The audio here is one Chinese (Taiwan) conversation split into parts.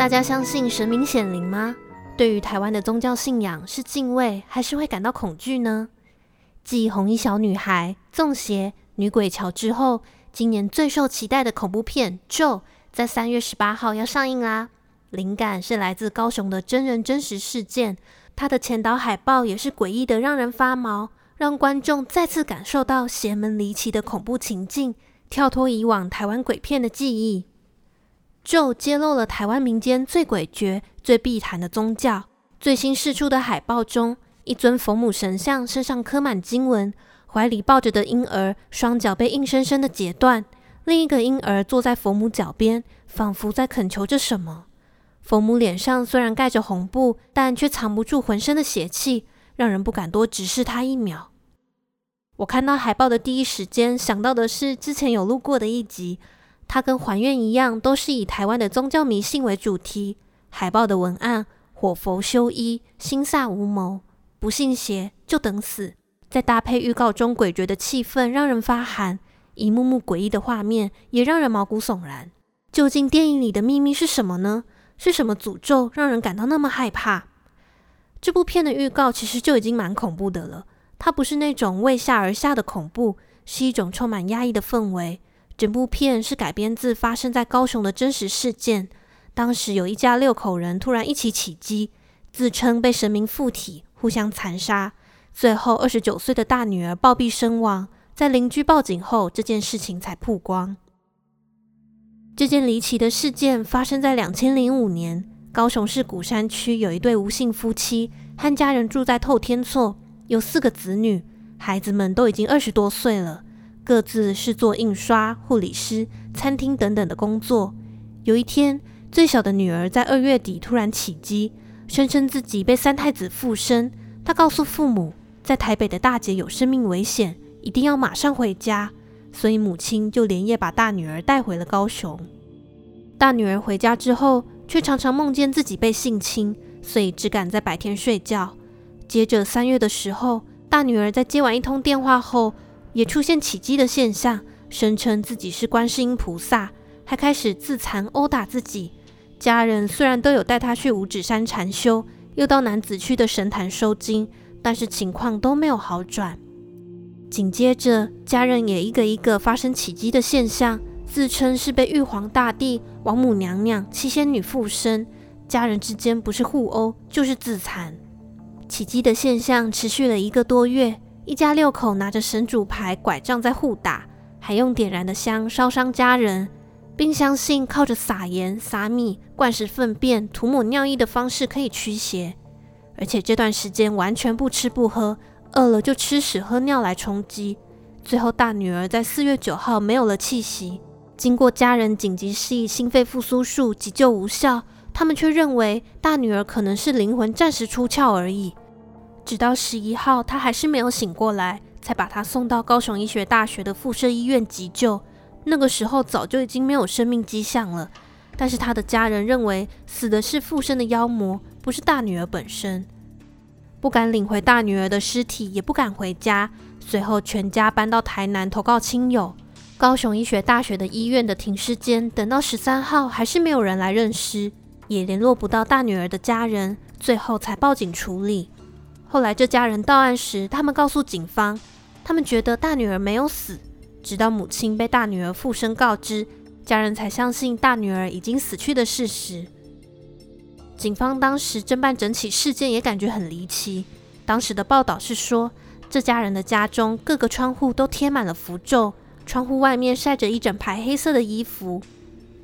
大家相信神明顯靈嗎？對於台灣的宗教信仰是敬畏，還是會感到恐懼呢？繼紅衣小女孩、粽邪、女鬼橋之後，今年最受期待的恐怖片《咒》在三月十八號要上映啦！靈感是來自高雄的真人真實事件，它的前導海報也是詭異得讓人發毛，讓觀眾再次感受到邪門離奇的恐怖情境，跳脫以往台灣鬼片的記憶。咒揭露了台灣民間最詭譎、最避談的宗教。最新釋出的海報中，一尊佛母神像身上刻滿經文，懷裡抱着的嬰兒雙腳被硬生生地截斷，另一個嬰兒坐在佛母腳邊，仿佛在懇求着什麼。佛母臉上雖然蓋着紅布，但卻藏不住渾身的邪氣，讓人不敢多直視他一秒。我看到海報的第一時間，想到的是之前有錄過的一集。它跟《還願》一樣，都是以台灣的宗教迷信為主題。海報的文案“火佛修一，心薩嘸哞，不信邪就等死”。再搭配預告中詭譎的氣氛，讓人發寒。一幕幕詭異的畫面，也讓人毛骨悚然。究竟電影裡的秘密是什麼呢？是什麼詛咒讓人感到那麼害怕？這部片的預告其實就已經蠻恐怖的了。它不是那種為嚇而嚇的恐怖，是一種充滿壓抑的氛圍。整部片是改編自發生在高雄的真實事件。當時有一家六口人突然一起起乩，自稱被神明附體，互相殘殺，最後二十九歲的大女兒暴斃身亡。在鄰居報警後，這件事情才曝光。這件離奇的事件發生在兩千零五年，高雄市鼓山區有一對吳姓夫妻和家人住在透天厝，有四個子女，孩子們都已經二十多歲了。各自是做印刷、護理師、餐廳等等的工作。有一天，最小的女兒在二月底突然起乩，宣稱自己被三太子附身。她告訴父母，在台北的大姐有生命危險，一定要馬上回家。所以母親就連夜把大女兒帶回了高雄。大女兒回家之後，卻常常夢見自己被性侵，所以只敢在白天睡覺。接着三月的時候，大女兒在接完一通電話後。也出現起乩的現象，聲稱自己是觀世音菩薩，還開始自殘毆打自己。家人雖然都有帶他去五指山禪修，又到楠梓區的神壇收驚，但是情況都沒有好轉。緊接着，家人也一個一個發生起乩的現象，自稱是被玉皇大帝、王母娘娘、七仙女附身。家人之間不是互毆，就是自殘。起乩的現象持續了一個多月。一家六口拿着神主牌、拐杖在互打，還用點燃的香燒傷家人，並相信靠着撒鹽、撒米、灌食糞便、塗抹尿液的方式可以驅邪。而且這段時間完全不吃不喝，餓了就吃屎喝尿來充飢。最後，大女兒在四月九號沒有了氣息。經過家人緊急施以心肺復甦術，急救無效，他們卻認為大女兒可能是靈魂暫時出竅而已。直到十一號，她還是沒有醒過來，才把她送到高雄醫學大學的附設醫院急救。那個時候早就已經沒有生命跡象了。但是她的家人認為死的是附身的妖魔，不是大女兒本身，不敢領回大女兒的屍體，也不敢回家。隨後全家搬到台南投靠親友。高雄醫學大學的醫院的停屍間，等到十三號還是沒有人來認屍，也聯絡不到大女兒的家人，最後才報警處理。後來，這家人到案時，他們告訴警方，他們覺得大女兒沒有死，直到母親被大女兒附身告知，家人才相信大女兒已經死去的事實。警方當時偵辦整起事件也感覺很離奇。當時的報道是說，這家人的家中各個窗戶都貼滿了符咒，窗戶外面曬着一整排黑色的衣服。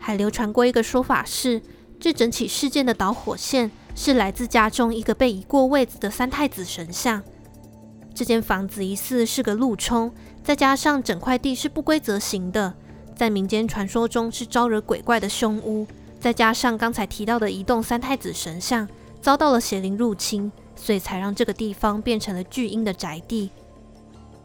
還流傳過一個說法是，是這整起事件的導火線。是來自家中一個被移過位子的三太子神像，這間房子疑似是個路衝，再加上整塊地是不規則形的，在民間傳說中是招惹鬼怪的凶屋。再加上剛才提到的移動三太子神像遭到了邪靈入侵，所以才讓這個地方變成了聚陰的宅地。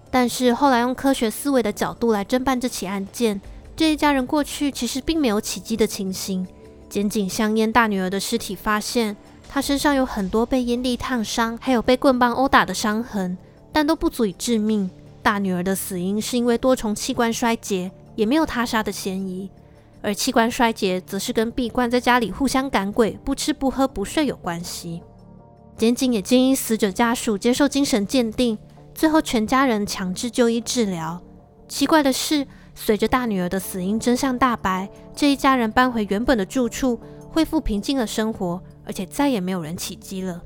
但是後來用科學思維的角度來偵辦這起案件，這一家人過去其實並沒有起乩的情形。檢警相驗，大女兒的屍體發現。他身上有很多被菸蒂燙傷，還有被棍棒毆打的傷痕，但都不足以致命。大女兒的死因是因為多重器官衰竭，也沒有他殺的嫌疑。而器官衰竭則是跟閉關在家裡互相趕鬼、不吃不喝不睡有關係。檢警也建議死者家屬接受精神鑑定，最後全家人強制就醫治療。奇怪的是，隨着大女兒的死因真相大白，這一家人搬回原本的住處，恢復平靜的生活。而且再也沒有人起乩了。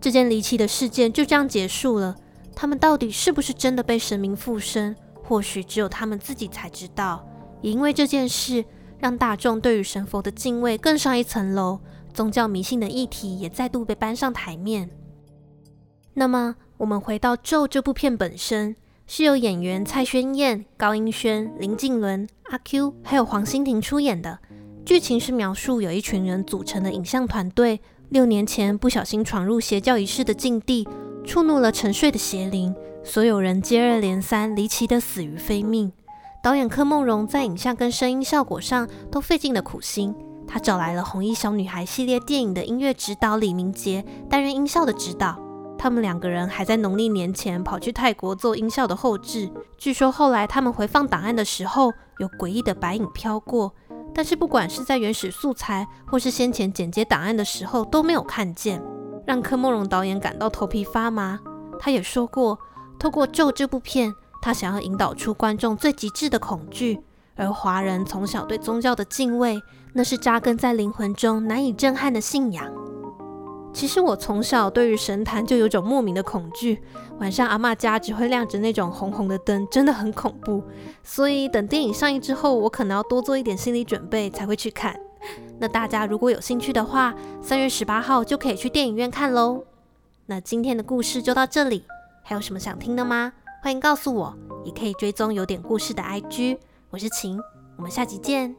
這件離奇的事件就這樣結束了。他們到底是不是真的被神明附身？或許只有他們自己才知道。也因為這件事，讓大眾對於神佛的敬畏更上一層樓。宗教迷信的議題也再度被搬上台面。那麼，我們回到《咒》這部片本身，是由演員蔡亘晏、高英軒、林敬倫、阿 Q 還有黃歆庭出演的。劇情是描述有一群人組成的影像團隊，六年前不小心闖入邪教儀式的境地，觸怒了沉睡的邪靈，所有人接二連三離奇的死於非命。導演柯夢榮在影像跟聲音效果上都費盡了苦心，他找來了《紅衣小女孩》系列電影的音樂指導李明杰擔任音效的指導，他們兩個人還在農曆年前跑去泰國做音效的後制。據說後來他們回放檔案的時候，有詭異的白影飄過。但是，不管是在原始素材，或是先前剪接檔案的時候，都沒有看見，讓柯孟融導演感到頭皮發麻。他也說過，透過《咒》這部片，他想要引導出觀眾最極致的恐懼，而華人從小對宗教的敬畏，那是扎根在靈魂中難以震撼的信仰。其實我從小對於神壇就有種莫名的恐懼，晚上阿嬤家只會亮着那種紅紅的燈，真的很恐怖。所以等電影上映之後，我可能要多做一點心理準備才會去看。那大家如果有興趣的話，三月十八號就可以去電影院看嘍。那今天的故事就到這裡，還有什麼想聽的嗎？歡迎告訴我，也可以追蹤有點故事的 IG，我是晴，我們下期見。